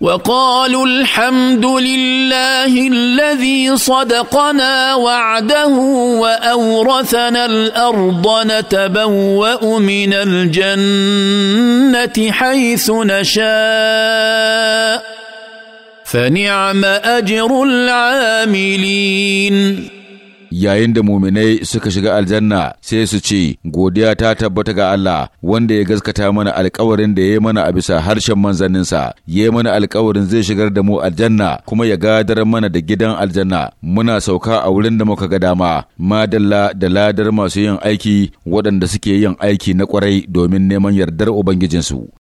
وقالوا الحمد لله الذي صدقنا وعده واورثنا الارض نتبوا من الجنه حيث نشاء فنعم اجر العاملين yayin da muminai suka shiga aljanna sai su ce godiya ta tabbata ga Allah wanda ya gaskata mana alkawarin da ya yi mana a bisa harshen manzanninsa ya yi mana alkawarin zai shigar da mu aljanna kuma ya gadar mana da gidan aljanna muna sauka a wurin da muka ga dama madalla da ladar masu yin aiki waɗanda suke yin aiki na kwarai domin neman yardar ubangijinsu